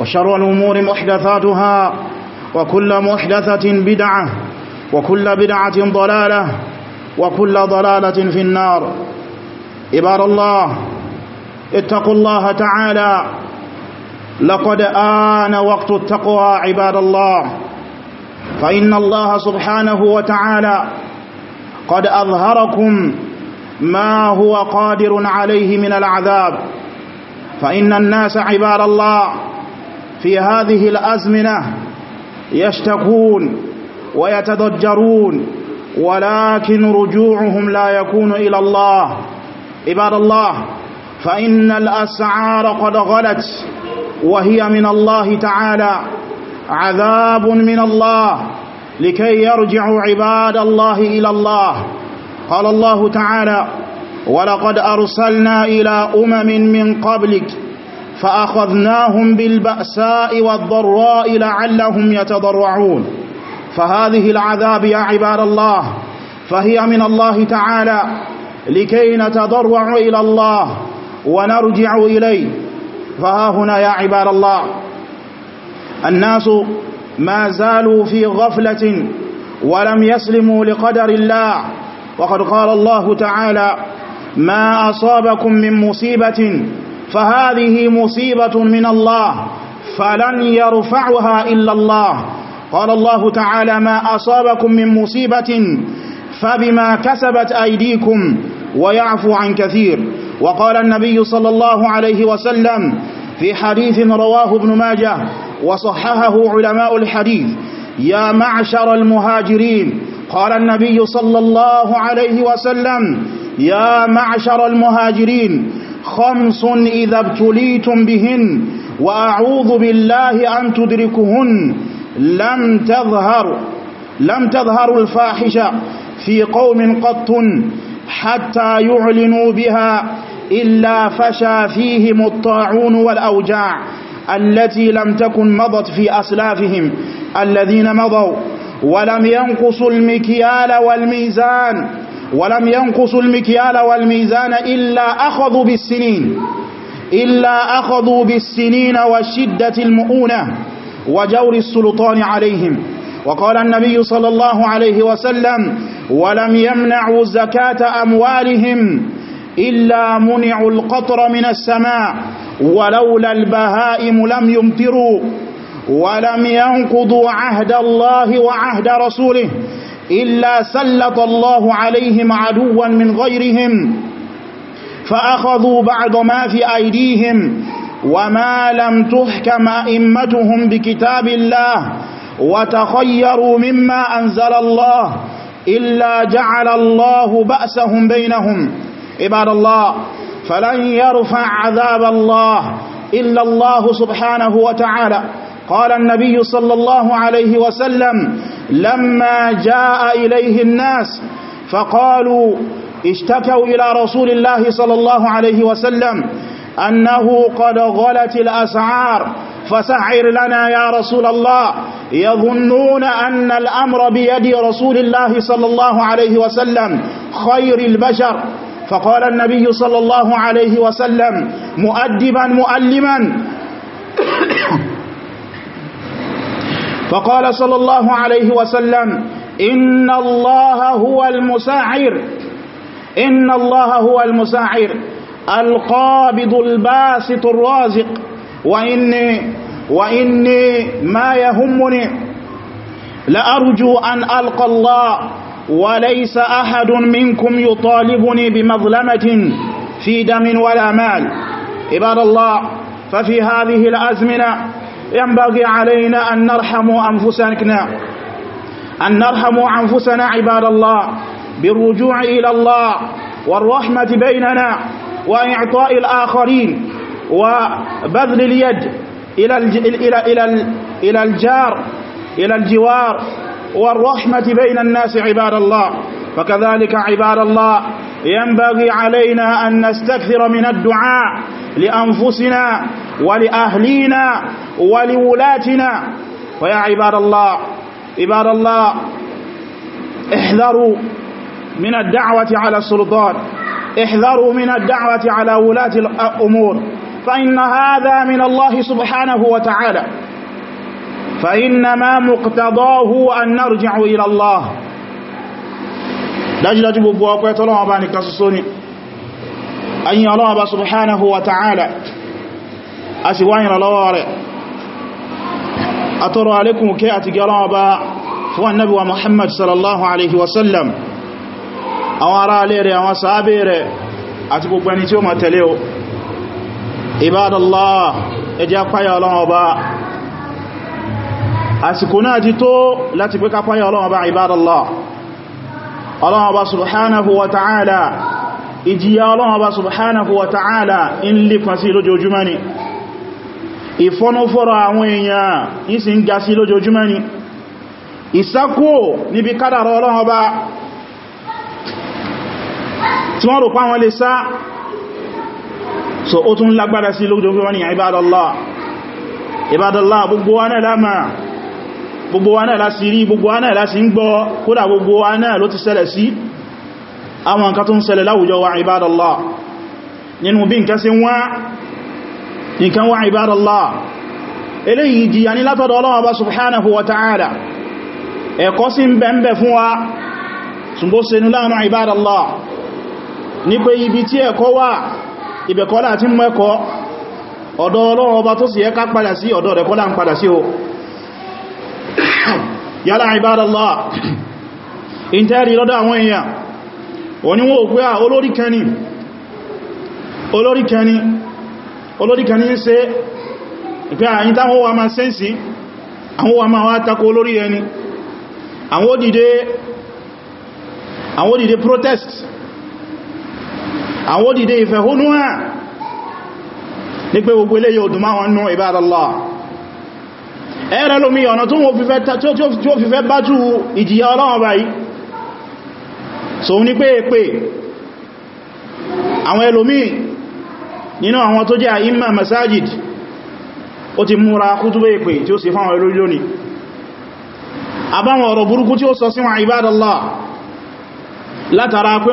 وشر الأمور محدثاتها وكل محدثة بدعة وكل بدعة ضلالة وكل ضلالة في النار عباد الله اتقوا الله تعالى لقد آن وقت التقوى عباد الله فإن الله سبحانه وتعالى قد أظهركم ما هو قادر عليه من العذاب فإن الناس عباد الله في هذه الأزمنة يشتكون ويتضجرون ولكن رجوعهم لا يكون إلى الله عباد الله فإن الأسعار قد غلت وهي من الله تعالى عذاب من الله لكي يرجع عباد الله إلى الله قال الله تعالى ولقد أرسلنا إلى أمم من قبلك فأخذناهم بالبأساء والضراء لعلهم يتضرعون فهذه العذاب يا عباد الله فهي من الله تعالى لكي نتضرع إلى الله ونرجع إليه فها هنا يا عباد الله الناس ما زالوا في غفلة ولم يسلموا لقدر الله وقد قال الله تعالى ما أصابكم من مصيبة فهذه مصيبة من الله فلن يرفعها إلا الله قال الله تعالى ما أصابكم من مصيبة فبما كسبت أيديكم ويعفو عن كثير وقال النبي صلى الله عليه وسلم في حديث رواه ابن ماجه وصححه علماء الحديث يا معشر المهاجرين قال النبي صلى الله عليه وسلم يا معشر المهاجرين خمس إذا ابتليتم بهن وأعوذ بالله أن تدركهن لم تظهر لم تظهر الفاحشة في قوم قط حتى يعلنوا بها إلا فشى فيهم الطاعون والأوجاع التي لم تكن مضت في أسلافهم الذين مضوا ولم ينقصوا المكيال والميزان ولم ينقصوا المكيال والميزان إلا أخذوا بالسنين إلا أخذوا بالسنين وشدة المؤونة وجور السلطان عليهم وقال النبي صلى الله عليه وسلم ولم يمنعوا زكاة أموالهم إلا منعوا القطر من السماء ولولا البهائم لم يمطروا ولم ينقضوا عهد الله وعهد رسوله إلا سلط الله عليهم عدوا من غيرهم فأخذوا بعض ما في أيديهم وما لم تحكم أئمتهم بكتاب الله وتخيروا مما أنزل الله إلا جعل الله بأسهم بينهم عباد الله فلن يرفع عذاب الله إلا الله سبحانه وتعالى قال النبي صلى الله عليه وسلم لما جاء إليه الناس فقالوا اشتكوا إلى رسول الله صلى الله عليه وسلم أنه قد غلت الأسعار فسعر لنا يا رسول الله يظنون أن الأمر بيد رسول الله صلى الله عليه وسلم خير البشر فقال النبي صلى الله عليه وسلم مؤدبا مؤلما فقال صلى الله عليه وسلم إن الله هو المساعر إن الله هو المساعر القابض الباسط الرازق وإني, وإني ما يهمني لأرجو أن ألقى الله وليس أحد منكم يطالبني بمظلمة في دم ولا مال عباد الله ففي هذه الأزمنة ينبغي علينا أن نرحم أنفسنا أن نرحم أنفسنا عباد الله بالرجوع إلى الله والرحمة بيننا وإعطاء الآخرين وبذل اليد إلى إلى إلى إلى الجار إلى الجوار والرحمة بين الناس عباد الله فكذلك عباد الله ينبغي علينا أن نستكثر من الدعاء لأنفسنا ولأهلينا ولولاتنا ويا عباد الله عباد الله احذروا من الدعوة على السلطان احذروا من الدعوة على ولاة الأمور فإن هذا من الله سبحانه وتعالى فإنما مقتضاه أن نرجع إلى الله dájúdájú gbogbo ọpẹ́ tọ́lọ́wọ́ bá nìkan ṣoṣo ni ayin Ọlọ́hun bá subhanahu wa ta'ala a sì wáyìn lọ́wọ́ rẹ̀ a tọrọ alékùn kí àti gẹ́lọ́wọ́ bá fún annabi wa muhammad sallallahu alaihi wasallam àwọn ará alẹ́ rẹ̀ àwọn sàábé rẹ̀ àti gbogbo ẹni tí ó ma tẹ̀lé o ibadallah ẹjẹ́ ọlọ́wọ́ bá subhanahu wa ta'ala ìjìyà ọlọ́wọ́ bá subhanahu wa ta'ala in lè kan sí lójoojúmọ́ ni ìfọ́núfọ́rọ̀ àwọn èèyàn ìsìn ga sí lójoojúmọ́ ìsákò níbi kádàrọ ọlọ́wọ́ tí wọ́n rò wọn lè sá so ó tún lágbára sí lójoojúmọ́ ni ibadallah ibadallah gbogbo wa gbogbo wa náà láti rí gbogbo wa náà láti ń gbọ́ kódà gbogbo wa náà ló ti ṣẹlẹ̀ sí àwọn nǹkan tó ń ṣẹlẹ̀ láwùjọ wa ibadallah nínú bí nǹkan sí wá nǹkan wa ibadallah eléyìí jìyà ní látọ̀dọ̀ Ọlọ́run Ọba subhanahu wa ta'ala ẹ̀kọ́ sí yálà ìbádàlá in tẹ́rì lọ́dọ̀ àwọn èèyàn wọ́n wọ́n pé à ah, olórí kẹni olórí kẹni olórí kẹni ń ṣe pé àyín ah, táwọn wà máa sẹ́nsì àwọn wà máa wá takò olórí ẹni àwọn òdìdé àwọn òdìdé protest àwọn òdìdé ìfẹ̀hónúhàn ní pé gbogbo eléyìí òdùnmáwọn nú ìbádàlá ẹ̀rẹ́ lómi ọ̀nà tó fi fẹ́ bájú ìjìyà ọlọ́wọ́ báyìí so ní pé pé àwọn ẹlòmí nínú àwọn tó jẹ́ àìmà masajid ó ti múra kútúbé pé tí ó sì fáwọn ẹlòmí lónìí àbáwọn ọ̀rọ̀ burúkú tí ó sọ sí wọn ìbádàlá látara pé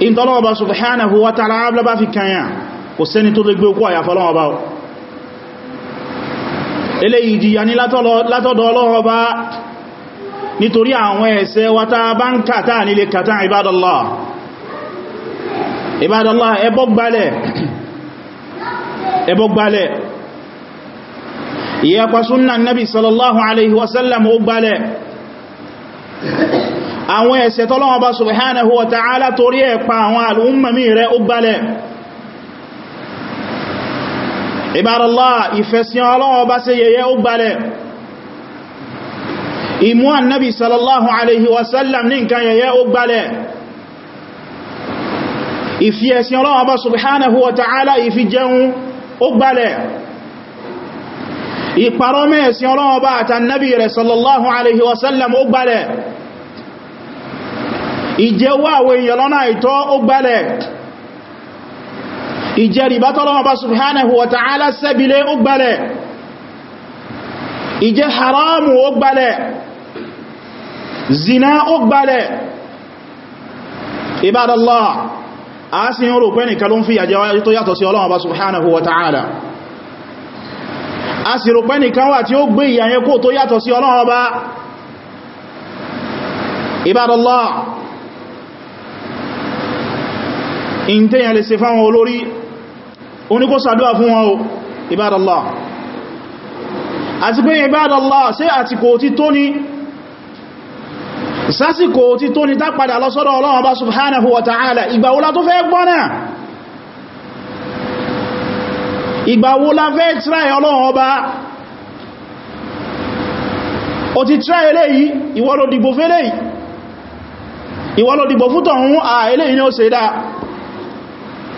in tọ́lọ́wọ́ bá subhanahu wa ta'ala abúlá bá fi kanya kò sẹ́ni tó lè gbé okú àyàfọ́ lọ́wọ́ bá eléyìí ìjìyà ní látọ́dọ̀ ọlọ́wọ́ bá nítorí àwọn ẹ̀ṣẹ̀ wa tá bá ń kàtà nílé kàtà ibadallah ibadallah ẹbọ gbalẹ̀ ẹbọ àwọn ẹ̀ṣẹ̀ tọ́lọ́wọ́ bá subhanahu wa ta'ala torí ẹ̀ pa àwọn al'ummami rẹ̀ ó gbalẹ̀ ìbárọ̀lá ìfẹ̀sìn ọlọ́wọ́ bá ṣe yẹyẹ ó gbalẹ̀ ìmú annabi sallallahu alaihi wasallam ní nǹkan yẹyẹ ó gbalẹ̀ ìfi ẹ̀sìn ọlọ́wọ́ bá subhanahu wa ta'ala ìjẹwọ́ àwọn èèyàn lọ́nà àìtọ́ ó gbálẹ̀ ìjẹrìbá tọ́lọ́wọ́ bá subhanahu wa ta'ala sẹ́bílé ó gbálẹ̀ ìjẹ haramu ó gbálẹ̀ zina ó gbálẹ̀ ibadallah a sì ń rò pé nìkan ló ń fi àjẹwà tó yàtọ̀ sí Ọlọ́run bá ibadallah in tẹ́yà lè ṣe fáwọn olórí oníkó sàdúwà fún wọn o ibadallah àti pé ibadallah ṣe àtìkò tí tó ní sásìkò tí tó ní tápadà lọ sọ́dọ̀ Ọlọ́run Ọba subhanahu wa ta'ala ìgbàwólá tó fẹ́ gbọ́nà ìgbàwólá fẹ́ tíráì Ọlọ́run Ọba ó ti tíráì eléyìí ìwọ ló dìbò fẹ́lẹ̀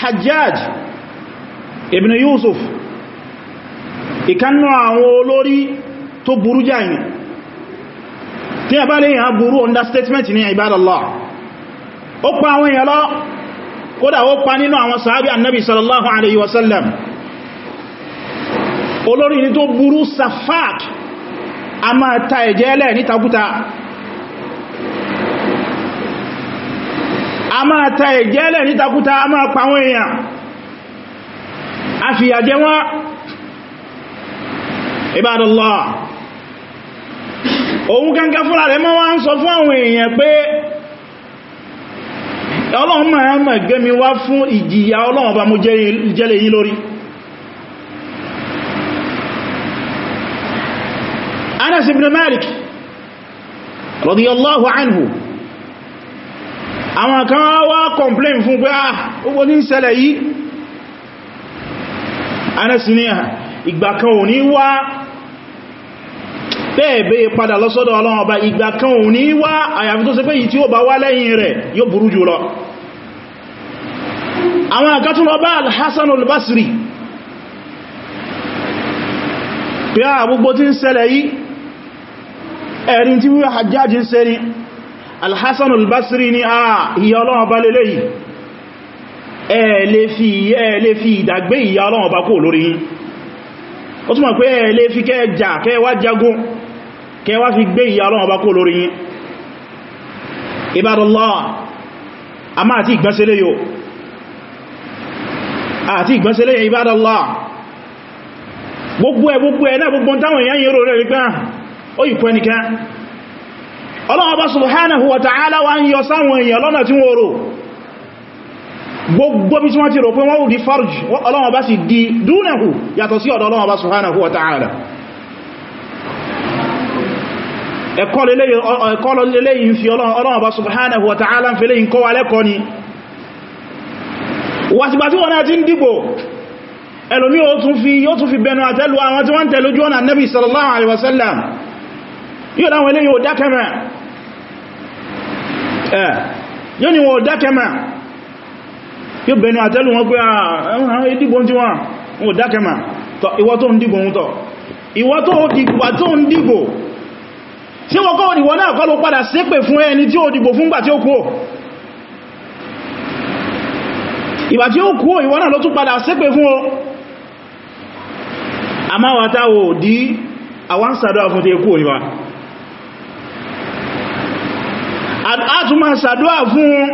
Hajjaj ibn Yusuf ìkannú àwọn olórí tó burú jáyìn tí a bá lè yàn burú understatement ní ibadallah ó pa àwọn èèyàn lọ kódà ó pa nínú àwọn sàábí annabi sallallahu alaihi wasallam olórí ni tó burú safak a máa ta ẹ̀jẹ́ ẹlẹ́ ní takuta a máa ta ẹ̀jẹ́lẹ̀ nítakúta a máa pa wọ́n èèyàn a fìyà jẹ wọ́n Ibadallah òun kankan fúnra rẹ̀ máa wá ń sọ fún àwọn èèyàn pé ọlọ́run máa mọ̀ gẹ́mi wá fún Anas ibn Malik radiyallahu anhu àwọn kan wá complain fún pé ah gbogbo ní ṣẹlẹ̀ yìí anẹ́sì ní ah, ìgbà kan ò ní wá bẹ́ẹ̀bẹ́ padà lọ́sọ́dọ̀ Ọlọ́run Ọba ìgbà kan ò ní wá àyàfi tó ṣe pé yìí tí ó bá wá lẹ́yìn rẹ̀ yóò burú jù lọ ẹ̀rin ah, tí wíwá hajjáji ń ṣe alhassan albasri ní a ah, ìyà ọlọ́wọ́ bá lélẹ̀ yìí ẹ lè fi ìdàgbé ìyà ọlọ́wọ́ bá kó lórí yín ó túnmọ̀ pé ẹ lè fi kẹ́ jà kẹ́ wá jagun kẹ́ wá fi gbé ìyà ọlọ́wọ́ bá kó lórí yín ibadallah a máa ti ìgbẹ́sẹ̀lẹ̀ yóò àti ìgbẹ́sẹ̀lẹ̀ yẹn ibadallah gbogbo ẹ gbogbo ẹ Ọlọ́run Ọba subhanahu wa ta'ala wá ń yọ sáwọn èèyàn lọ́nà tí wọ́n rò gbogbo bí tí wọ́n ti rò pé wọ́n wù di farj Ọlọ́run Ọba sì di dúnàhù yàtọ̀ sí ọ̀dọ̀ Ọlọ́run Ọba subhanahu wa ta'ala ẹ̀kọ́ lẹ́lẹ́yìn fi Ọlọ́run Ọba subhanahu wa ta'ala ń fẹ́lẹ́yìn kọ́ wa lẹ́kọ́ ni wàtíbà tí wọ́n náà ti ń dìbò yóò tún Eh, yóò ni wọ́n dákẹ́mà yóò bẹnu àtẹ́lù wọn pé ah, àwọn ìdìbò tí wọ́n wọ́n dákẹ́mà tọ́ ìwọ tó ń dìbò ń tọ́ ìwọ tó ń dìbò tí wọ́n kọ́ ìwọ náà kọ́ ló padà ṣépè fún ẹni tí ó dìbò fún ìgbà tí ó kú ìgbà tí ó náà ló tún àtúmà sàdúà fún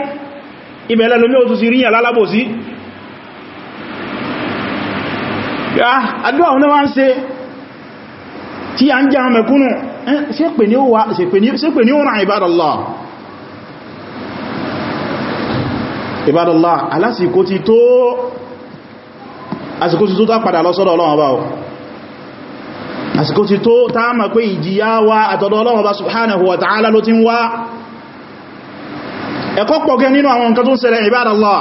ibẹ̀lẹ̀ lómi ó tún sí ríyàn lálábòsí ah, àdúà wọn wá ń ṣe tí a ń jẹ́ àwọn mẹ̀kúnnù eh, ṣépè ní ó ràn ibadallah ibadallah alásìkò ti tó àsìkò ti tó tá padà lọ sọ́dọ̀ Ọlọ́run báwọ̀ àsìkò ti tó tá mọ̀ pé ìjìyà wa àtọ̀dọ̀ Ọlọ́run bá subhanahu wa ta'ala ló ti ń wá ẹ̀kọ́ pọ̀ gẹ́ nínú àwọn nǹkan tó ń ṣẹlẹ̀ ibadallah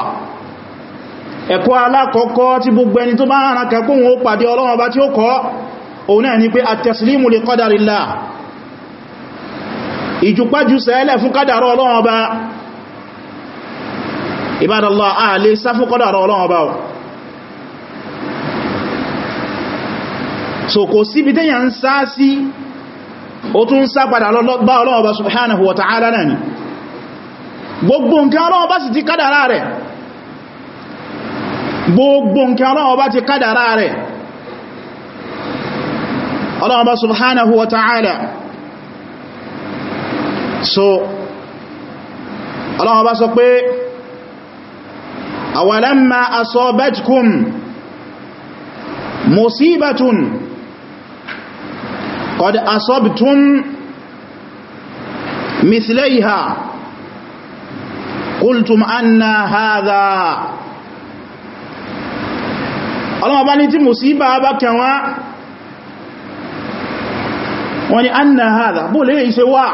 ẹ̀kọ́ alákọ̀ọ́kọ́ tí gbogbo ẹni tó bá rán kẹkún ó pàdé Ọlọ́run bá tí ó kọ́ òun náà ni pé at-taslimu li qadarillah ìjùpájú sẹ́lẹ̀ fún kádàrọ Ọlọ́run bá ibadallah a lè sá fún gbogbo nǹkan Ọlọ́run bá sì ti kádàrá rẹ̀ gbogbo nǹkan Ọlọ́run bá ti kádàrá rẹ̀ Ọlọ́run bá subhanahu wa ta'ala so Ọlọ́run bá sọ pé awalamma asabatkum musibatun qad asabtum mithlaiha qultum anna hadha ọlọ́wọ́ bá ní tí mùsíbà bá kẹwa wọ́n ni anna hadha bó lè ṣe wà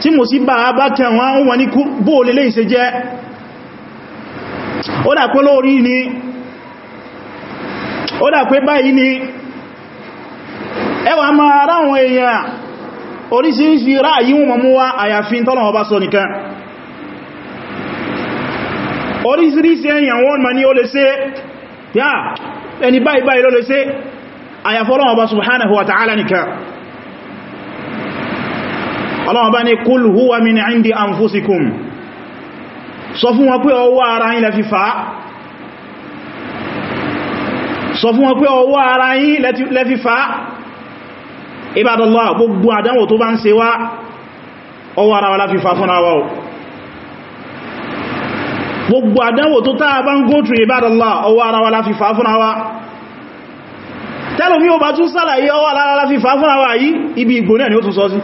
tí bá wọ́n ni bó lè ṣe jẹ́ ó dà lórí ni ó dà báyìí ni ẹwà máa ráwọn èèyàn fi ráyí wọn mọ́ wá àyàfin tọ́lọ̀ ọba sọ nìkan oríṣiríṣi èyàn wọ́n ma ní ó lè ṣe yá ẹni báyìí báyìí ló lè ṣe àyàfọ́lọ́wọ́ bá subhanahu wa ta'ala nìkan ọlọ́wọ́ bá ní kul huwa min indi anfusikum sọ fún wọn pé ọwọ́ ara yín lẹ fi fà sọ fún wọn pé ọwọ́ ara yín lẹ fi fà ibadallah gbogbo àdánwò tó bá ń ṣe wá ọwọ́ ara wa la fi fún àwọ́ gbogbo àdánwò tó táa bá ń go through ibadallah ọwọ́ ara wa láfi fà fúnra wa tẹ́lùmí o bá tún sálàyé ọwọ́ ara láfi fà yìí ibi ìgbò ni ó tún sọ sí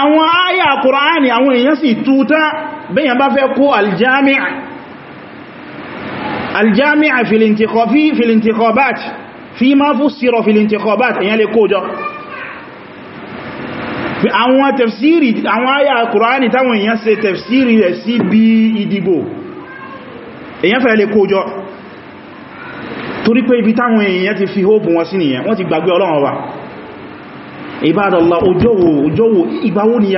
àwọn ayà kùránì àwọn èèyàn sì túta bẹ́yàn bá fẹ́ kó aljami'a aljami'a fi ma fún sírọ filintikọbát èèyàn lè kójọ àwọn tẹ̀fsìrì àwọn àyà kùránì táwọn èèyàn ṣe tẹ̀fsìrì rẹ̀ sí bí ìdìbò èèyàn fẹ́ lè kójọ torí pé ibi táwọn èèyàn ti fi hóòbù wọn sí nìyẹn wọ́n ti gbàgbé ọlọ́run ọba ìbádọ́lá ojóòwò ni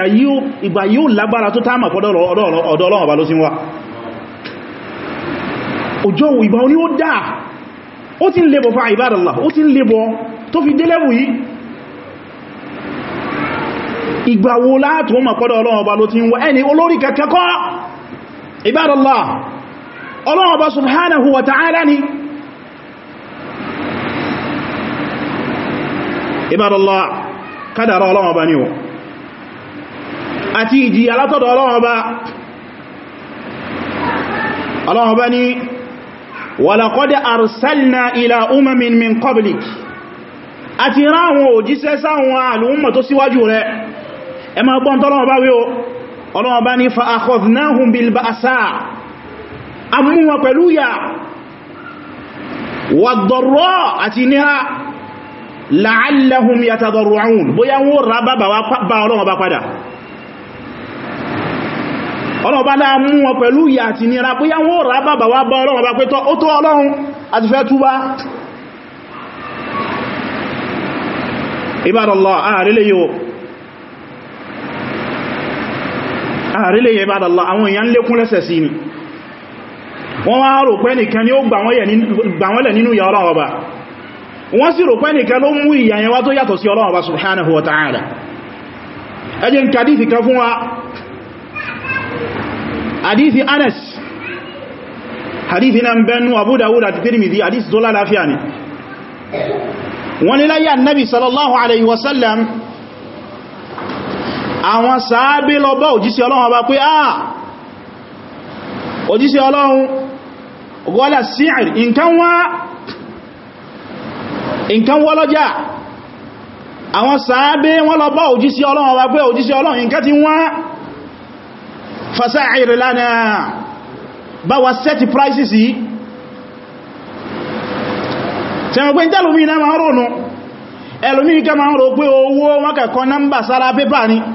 ìgbà yóò lágbára tó táàmà pọ́dọ̀ ọ̀dọ̀ ọlọ́run ọba ló sí wá ojóòwò ìgbàwó ni ó dáa ó ti ń lebọ̀ fa ìbádọ́lá ó ti ń lebọ̀ tó fi délẹ́wò yìí ìgbàwó látò mọ̀ pọ́dọ̀ ọlọ́run ọba ló ti ń wá ẹni olórí kẹkẹkọ́ ibadallah ọlọ́run ọba subhanahu wa ta'ala ni ibadallah kádàrá ọlọ́run ọba ni o àti ìjì alátọ́dọ̀ ọlọ́run ọba ọlọ́run ọba ni walaqad arsalna ẹ ma gbọ́n tọ́lọ́wọ́ bá wí o ọlọ́wọ́ bá ní fa'akọ̀dnáhùn bilba asá amúwa pẹ̀lú yà wàdọ̀rọ̀ àti níra la'allahum yatadọ̀rọ̀un bóyá wọ́n rà bá ọlọ́wọ́ bá padà ọlọ́wọ́ bá láàmú wọn pẹ̀lú yà àti níra bóyá wọ́n rà bá bá ọlọ́wọ́ bá pẹ́tọ́ ó àrílẹ̀ ìbádàlá àwọn èèyàn lékún lẹ́sẹ̀ sí ni wọ́n wá rò pé nìkan ni ó gbàwọ́lẹ̀ nínú ìyà Ọlọ́run Ọba wọ́n sì rò pé nìkan ló mú ìyà yẹn wá tó yàtọ̀ sí Ọlọ́run wa ta'ala àwọn sàábé lọ bọ́ òjíṣẹ́ ọlọ́run ọba pé ah òjíṣẹ́ ọlọ́run gọ́lá síìr nǹkan wá lọ́jà àwọn sàábé wọ́n lọ bọ́ òjíṣẹ́ ọlọ́run ọba pé òjíṣẹ́ ọlọ́run nǹkan ti wá fasa'ir lana bá wa set prices yìí tẹ̀wọ̀n pé ń tẹ́lùmí náà rò nù ẹlùmí rò pé owó wọ́n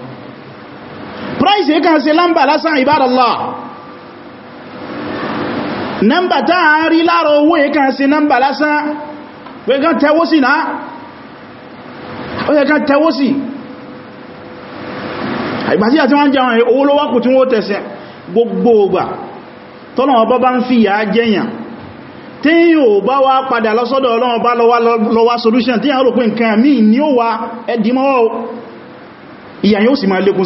price kan se lámbà lásán ìbádàlá nọ́mbà tá a rí láàrọ owó kan se nọ́mbà lásán pé kan tẹwó sí náà ó yẹ kan tẹwó sí àìgbàtí àti wọ́n jẹun owó ló wákù tí wọ́n tẹ̀sẹ̀ gbogbo ọgbà yóò solution sì máa lékún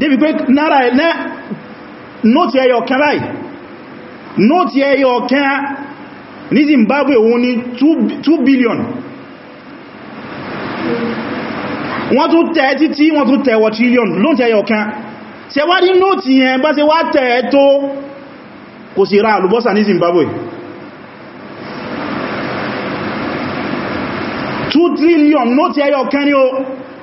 débi pé nára ẹ̀lẹ́ nóòtì ẹyọ kan báyìí nóòtì ẹyọ kan ní Zimbabwe òun ni 2 billion wọ́n tún tẹ̀ títí wọ́n tún tẹ̀ wọ trillion lóòtì ẹyọ kan ṣe wá ní nóòtì yẹn bá ṣe wá tẹ̀ tó kò sì ra àlùbọ́sà ní Zimbabwe 2 trillion nóòtì ẹyọ kan ni o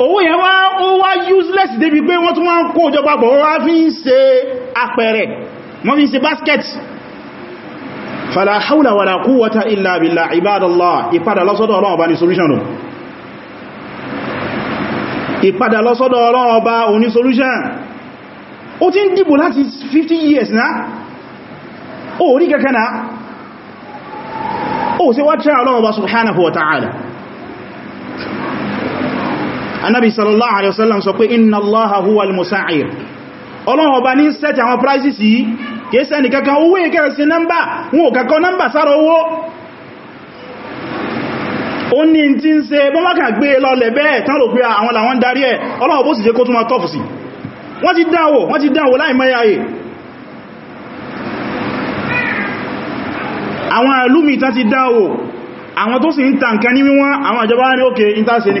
owó yẹn wá ó wá useless débi pé wọ́n tún wá ń kó ìjọba pọ̀ wọ́n wá fi ń ṣe apẹ̀rẹ̀ wọ́n fi ń ṣe basket fala hawla wala quwwata illa billah ibadallah ìpadà lọ́sọ́dọ̀ Ọlọ́run ọba ni solution ìpadà lọ́sọ́dọ̀ Ọlọ́run ọba òní solution ó ti ń dìbò láti 50 years náà ó rí kẹkẹ́ náà ó sì wá tíra Ọlọ́run ọba subhanahu wa ta'ala anábi sallallahu alayhi sallam sọ pé inna allaha huwa al-musa'ir ọlọ́run ọba ní sẹ́tì àwọn prices yìí kìí sẹ́ni kankan owó ìkẹrẹ sí nọ́mbà wọn ò kankan nọ́mbà sára owó ó ní tí ń ṣe bọ́n wákà gbé e lọlẹ̀ bẹ́ẹ̀ tán àwọn làwọn darí ẹ̀ bó ti wọ́n ti láì àwọn ti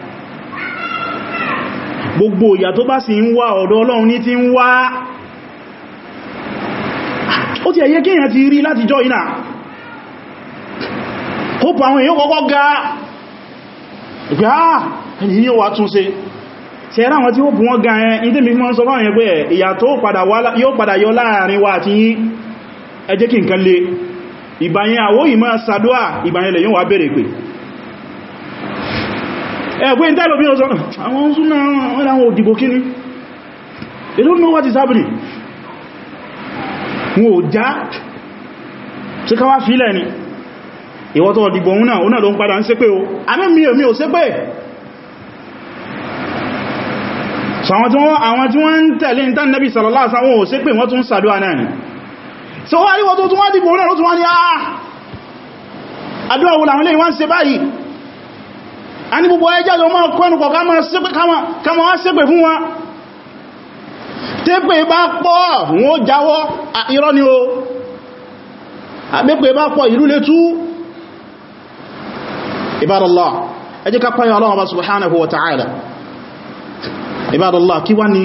gbogbo ìyà tó bá sì ń wá ọ̀dọ̀ ọlọ́run ní ti ń wá ó ti ẹ̀yẹ kíyàn ti rí láti jọ iná kópa àwọn èyàn kọ́kọ́ ga ìgbé àà ẹni yíò wà tún ṣe ṣe ẹ̀rá àwọn tí ó bù wọ́n ga ẹ̀ ní tèmi mọ́ sọ ẹ ẹgbẹ́ ìtẹ́lò bí ọ̀sán àwọn súnà wọ́n láwọn òdìbò kíní they don't know what is happening wọn ò já tí ká wá fílẹ̀ ni ìwọ́tọ̀ òdìbò náà ó náà ló ń padà ń ṣépè o amẹ́mí èmi so wá rí wọ́n tó tún wá dìbò náà ah, làwọn lè wọ́n ṣe báyìí a ní gbogbo ẹjá lọ máa kọ́ ẹnukọ̀ kama wá ṣépè fún wa tépè bá pọ̀ wọ́n jáwọ́ irọ́ ni o àgbépè bá pọ̀ ìlú lè tú ibadallá ẹjẹ́ ká pàyàn Ọlọ́run Ọba subhanahu wa ta'ala ibadallá kí wá ni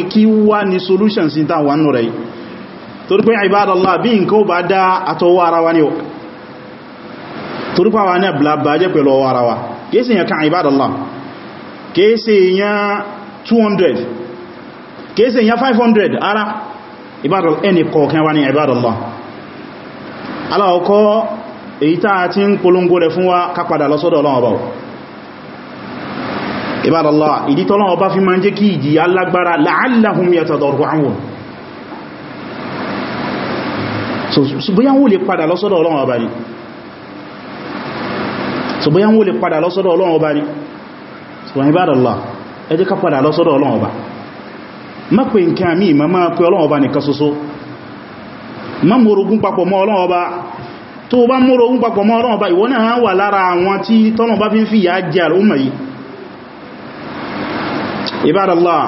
bá dá àtọwọ́ ara wa ni o torí pàwà náà blabba jẹ́ pẹ̀lú ọwọ́ ara wa kéèsì yẹn kan ibadallah kéèsì yẹn 200 kéèsì yẹn 500 ara ibadallah ẹni kọ̀ọ̀kan wá ní ibadallah aláwọ̀kọ́ èyí tàà tí ń polongo rẹ̀ fún wa kápadà lọ́sọ́dọ̀ ọlọ́wọ́ bá ibadallah ìdí tọ́lọ́wọ́ bá fi máa ń jẹ́ kí ìjìyà lágbára la'allahum so bóyá wọ́n lè padà lọ́sọ́dọ̀ ọlọ́wọ́ bá ní so bóyá wọ́n lè padà lọ́sọ́dọ̀ ọlọ́run ọba ni so wọ́n ibadallah ẹ jẹ́ ká padà lọ́sọ́dọ̀ ọlọ́run ọba má pè nǹkan àmì ìmọ̀ máa pè ọlọ́run ọba nìkan ṣoṣo má mórogún papọ̀ mọ́ ọlọ́run ọba tó bá mórogún papọ̀ mọ́ ọlọ́run ọba ìwọ fi ń fi ìyà jẹ àlùmà yìí ibadallah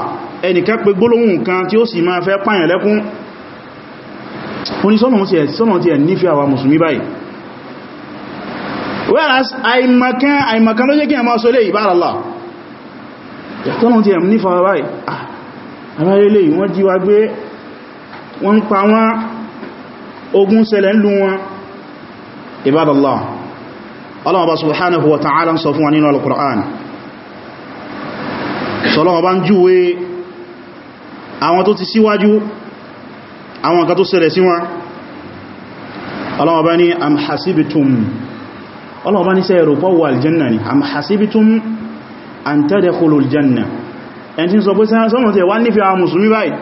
ẹnìkan pè gbólóhùn kan tí ó sì máa fẹ́ pààyàn lẹ́kún onísọ́nà ti ẹ̀ nífẹ́ àwa mùsùlùmí whereas àìmọ̀kan àìmọ̀kan ló jẹ́ kí ẹmọ́ sólé ìbáraláà tọ́nà ti ẹ̀mù nífà báyìí àwárélé ah, wọ́n jíwa gbé wọ́n ń pa wọ́n ogun ṣẹlẹ̀ ńlú wọn ìbáraláà Allah bá subhanahu wa ta'ala sọ fún Allah bá ní am hasibtum ọlọ́wọ́ bá ní sẹ́ ẹ̀rọ pọ́wọ́ aljanna ni am hasibitum an tadkhulu aljanna ẹni tí ń sọ pé sọ́nà tẹ̀ wá nífẹ́ àwọn musulmi báyìí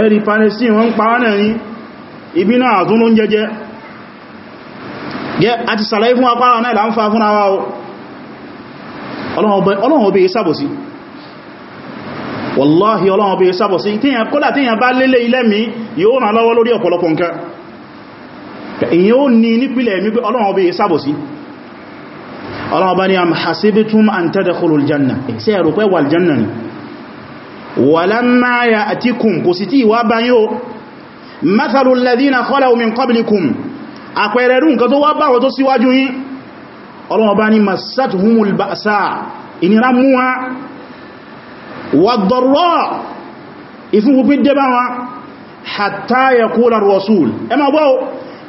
ẹ̀rì palestine wọ́n pàwọ́ náà ní ibi náà àtúnú jẹjẹ gẹ́ àti sàlàyé fún apára náà ìlànfà fún àwá ọlọ́wọ́ bẹ̀ sábọ̀sí wallahi èyàn ó ní nípìlẹ̀ mi pé ọlọ́run ọba ìsábò sí ọlọ́run ọba ni am hasibtum an tadkhulul janna ṣé ẹ rò pé wal janna ni walamma ya'tikum kò sí tí ìwá bá yíò mathalul ladhina khalaw min qablikum àpẹẹrẹ rú nǹkan tó wá báwọn tó síwájú gbọ́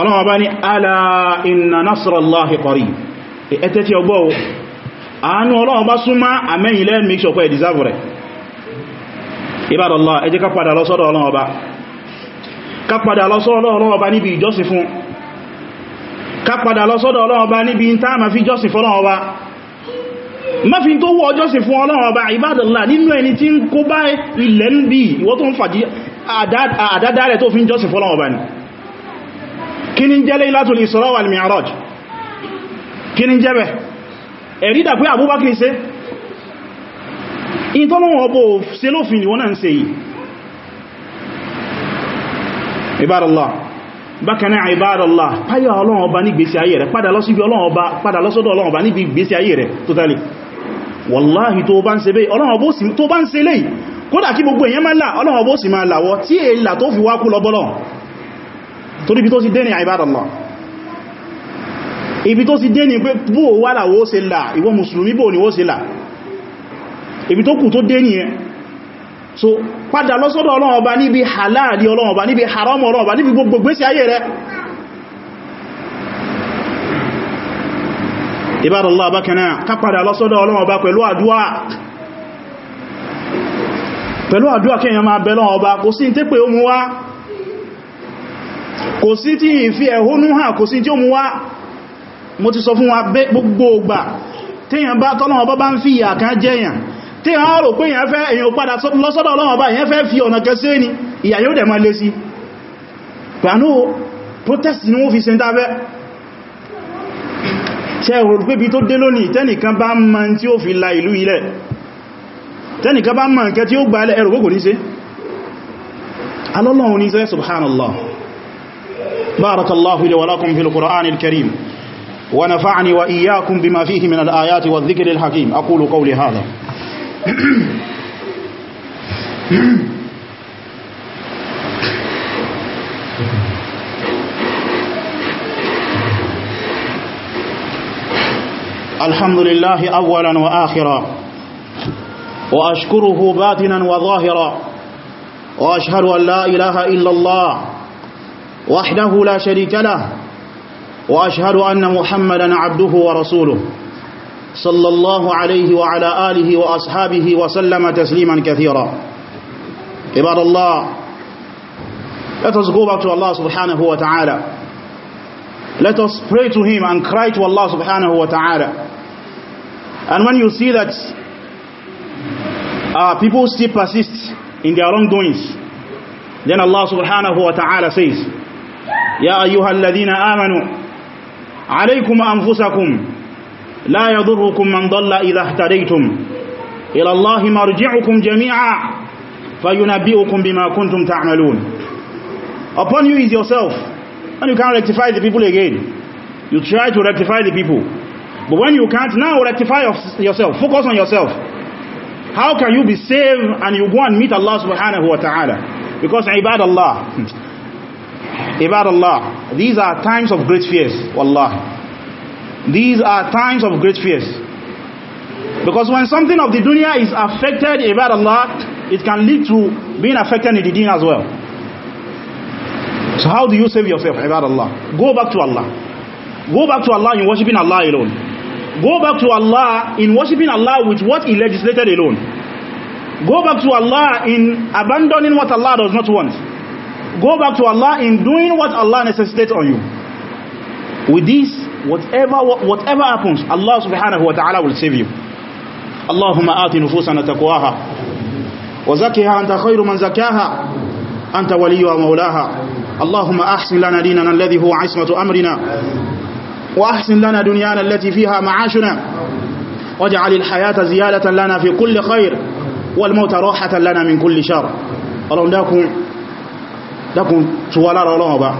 ọlọ́wọ́ bá ní ala inna nasrallahi qarib ẹ̀tẹ́ tí ọgbọ́ o àánú ọlọ́wọ́ bá súnmá àmẹ́yìn lẹ́ make sure pé ẹ̀ deserve rẹ̀ ibadallah ẹ jẹ́ ká padà lọ sọ́dọ̀ ọlọ́wọ́ bá ká padà lọ sọ́dọ̀ ọlọ́wọ́ bá níbi ìjọsìn fún ká padà lọ sọ́dọ̀ ọlọ́wọ́ bá níbi tá ma fi jọsìn fún ọlọ́wọ́ bá má fi tó wọ́ ọjọ́sìn fún ọlọ́wọ́ bá ibadallah nínú ẹni tí ń kó bá ilẹ̀ ń bí ìwọ́ tó ń fàdí àdádá rẹ̀ tó fi ń jọsìn fún ọlọ́wọ́ bá ni kí ní jẹ́ Laylatul Isra wal Mi'raj kí ní jẹ́ bẹ̀ ẹ̀rí dà pé Abubakar ṣe ìtọ́lọ́wọ́ ọbọ̀ ṣe lófin ìwọ́n náà ń ṣe yìí Ibadallah bákanáà Ibadallah páyà ọba ní gbésí ayé rẹ̀ padà lọ́sọ́dọ̀ ọba ní gbésí ayé rẹ̀ totally torí ibi tó ti dé ní àìbádàlá ibi tó ti dé ní pé bó wà láwó se là ìwọ mùsùlùmí bó ní wó se là ibi tó kù tó dé ní ẹ so padà lọ́sọ́dọ̀ Ọlọ́run Ọba níbi halali Ọlọ́run níbi haram Ọlọ́run Ọba níbi gbogbo gbésí ayé rẹ ìbádàlá bákanáà ká padà lọ́sọ́dọ̀ Ọlọ́run Ọba pẹ̀lú àdúwà pẹ̀lú àdúwà kí èèyàn máa bẹ Ọlọ́run Ọba kò sí kò sí tí ìfi ẹ̀hónú hàn kò sí tí ó mú wá mo ti sọ fún wa gbogbo ògbà tíyàn bá tọ́lọ́wọ́ bá bá ń fi ìyà kan jẹyàn tí a rò pé èyàn fẹ́ èyàn padà lọ́sọ́dọ̀ ọlọ́wọ́ bá èyàn fẹ́ fi ọ̀nà kẹsẹ́ ni ìyà yóò dẹ̀ máa lé sí pẹ̀lú protest ni wọ́n fi se ń dábẹ́ ṣe rò pé bí tó dé lónìí tẹ́nìkan bá mọ̀ tí ó fi la ìlú ilẹ̀ tẹ́nìkan bá mọ̀ nǹkan tí ó gbà ẹrù kò ní ṣe alọ́lọ́run ní sẹ́ subhanallah بارك الله لي ولكم في القرآن الكريم ونفعني وإياكم بما فيه من الآيات والذكر الحكيم أقول قولي هذا الحمد لله أولا وآخرا وأشكره باطنا وظاهرا وأشهد أن لا إله إلا الله وحده لا شريك له وأشهد أن محمدا عبده ورسوله صلى الله عليه وعلى آله وأصحابه وسلم تسليما كثيرا عباد الله Let us go back to Allah subhanahu wa ta'ala. Let us pray to Him and cry to Allah subhanahu wa ta'ala. And when you see that uh, people still persist in their wrongdoings, then Allah subhanahu wa ta'ala says, يا أيها الذين آمنوا عليكم أنفسكم لا يضركم من ضل إذا اهتريتم إلى الله مرجعكم جميعا فينبئكم بما كنتم تعملون Upon you is yourself and you can't rectify the people again you try to rectify the people but when you can't now rectify yourself focus on yourself how can you be saved and you go and meet Allah subhanahu wa ta'ala because ibad Allah Ibad Allah, these are times of great fears, Wallah. These are times of great fears. Because when something of the dunya is affected, Ibad Allah, it can lead to being affected in the deen as well. So how do you save yourself, Ibad Allah? Go back to Allah. Go back to Allah in worshiping Allah alone. Go back to Allah in worshiping Allah with what He legislated alone. Go back to Allah in abandoning what Allah does not want. Go back to Allah in doing what Allah necessitates on you. With this, whatever whatever happens, Allah subhanahu wa ta'ala will save you. Allahumma ati nufusana taqwaha wa zakkiha anta khayru man zakkaha anta waliyuha maulaha. Allahumma ahsin lana dinana alladhi huwa ismatu amrina wa وأحسن لنا دنيانا التي فيها معاشنا واجعل الحياة زيادة لنا في كل خير والموت راحة لنا من كل شر ọlọ́run dákun dákun tó wà lára ọlọ́wọ́ bá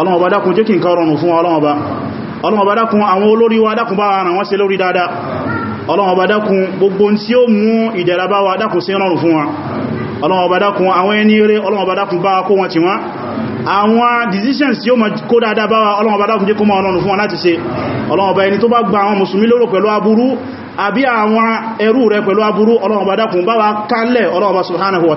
ọlọ́wọ́ bá dákun jẹ́ kí nǹkan rọrùn fún ọlọ́wọ́ bá ọlọ́wọ́ bá dákun àwọn olórí wa dákun bá ara wọn ṣe lórí dáadáa ọlọ́wọ́ bá dákun gbogbo tí ó mú ìdẹ̀ra bá wa dákun ṣe rọrùn fún wa ọlọ́wọ́ bá dákun àwọn ẹni eré ọlọ́wọ́ bá dákun bá kó wọn tì wọ́n àwọn decisions tí ó ma kó dáadáa bá wa ọlọ́wọ́ bá àbí àwọn ẹrú rẹ̀ pẹ̀lú aburú ọlọ́wọ́ bá dákun bá wa kálẹ̀ ọlọ́wọ́ bá subhanahu wa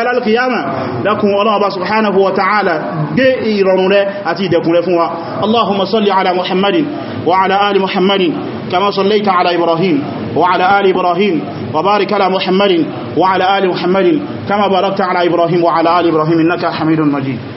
ìyá lálùkìyàmà dákun ọlọ́ọ̀bá subhanahu wa ta'ala gbé ìrọ̀rùn rẹ àti ìdẹ̀kùn rẹ fún wa allahumma salli ala muhammadin wa ala ali muhammadin kama sallaita ala ibrahim wa ala ali ibrahim wa barik ala muhammadin wa ala ali muhammadin kama barakta ala ibrahim wa ala ali ibrahim innaka hamidun majid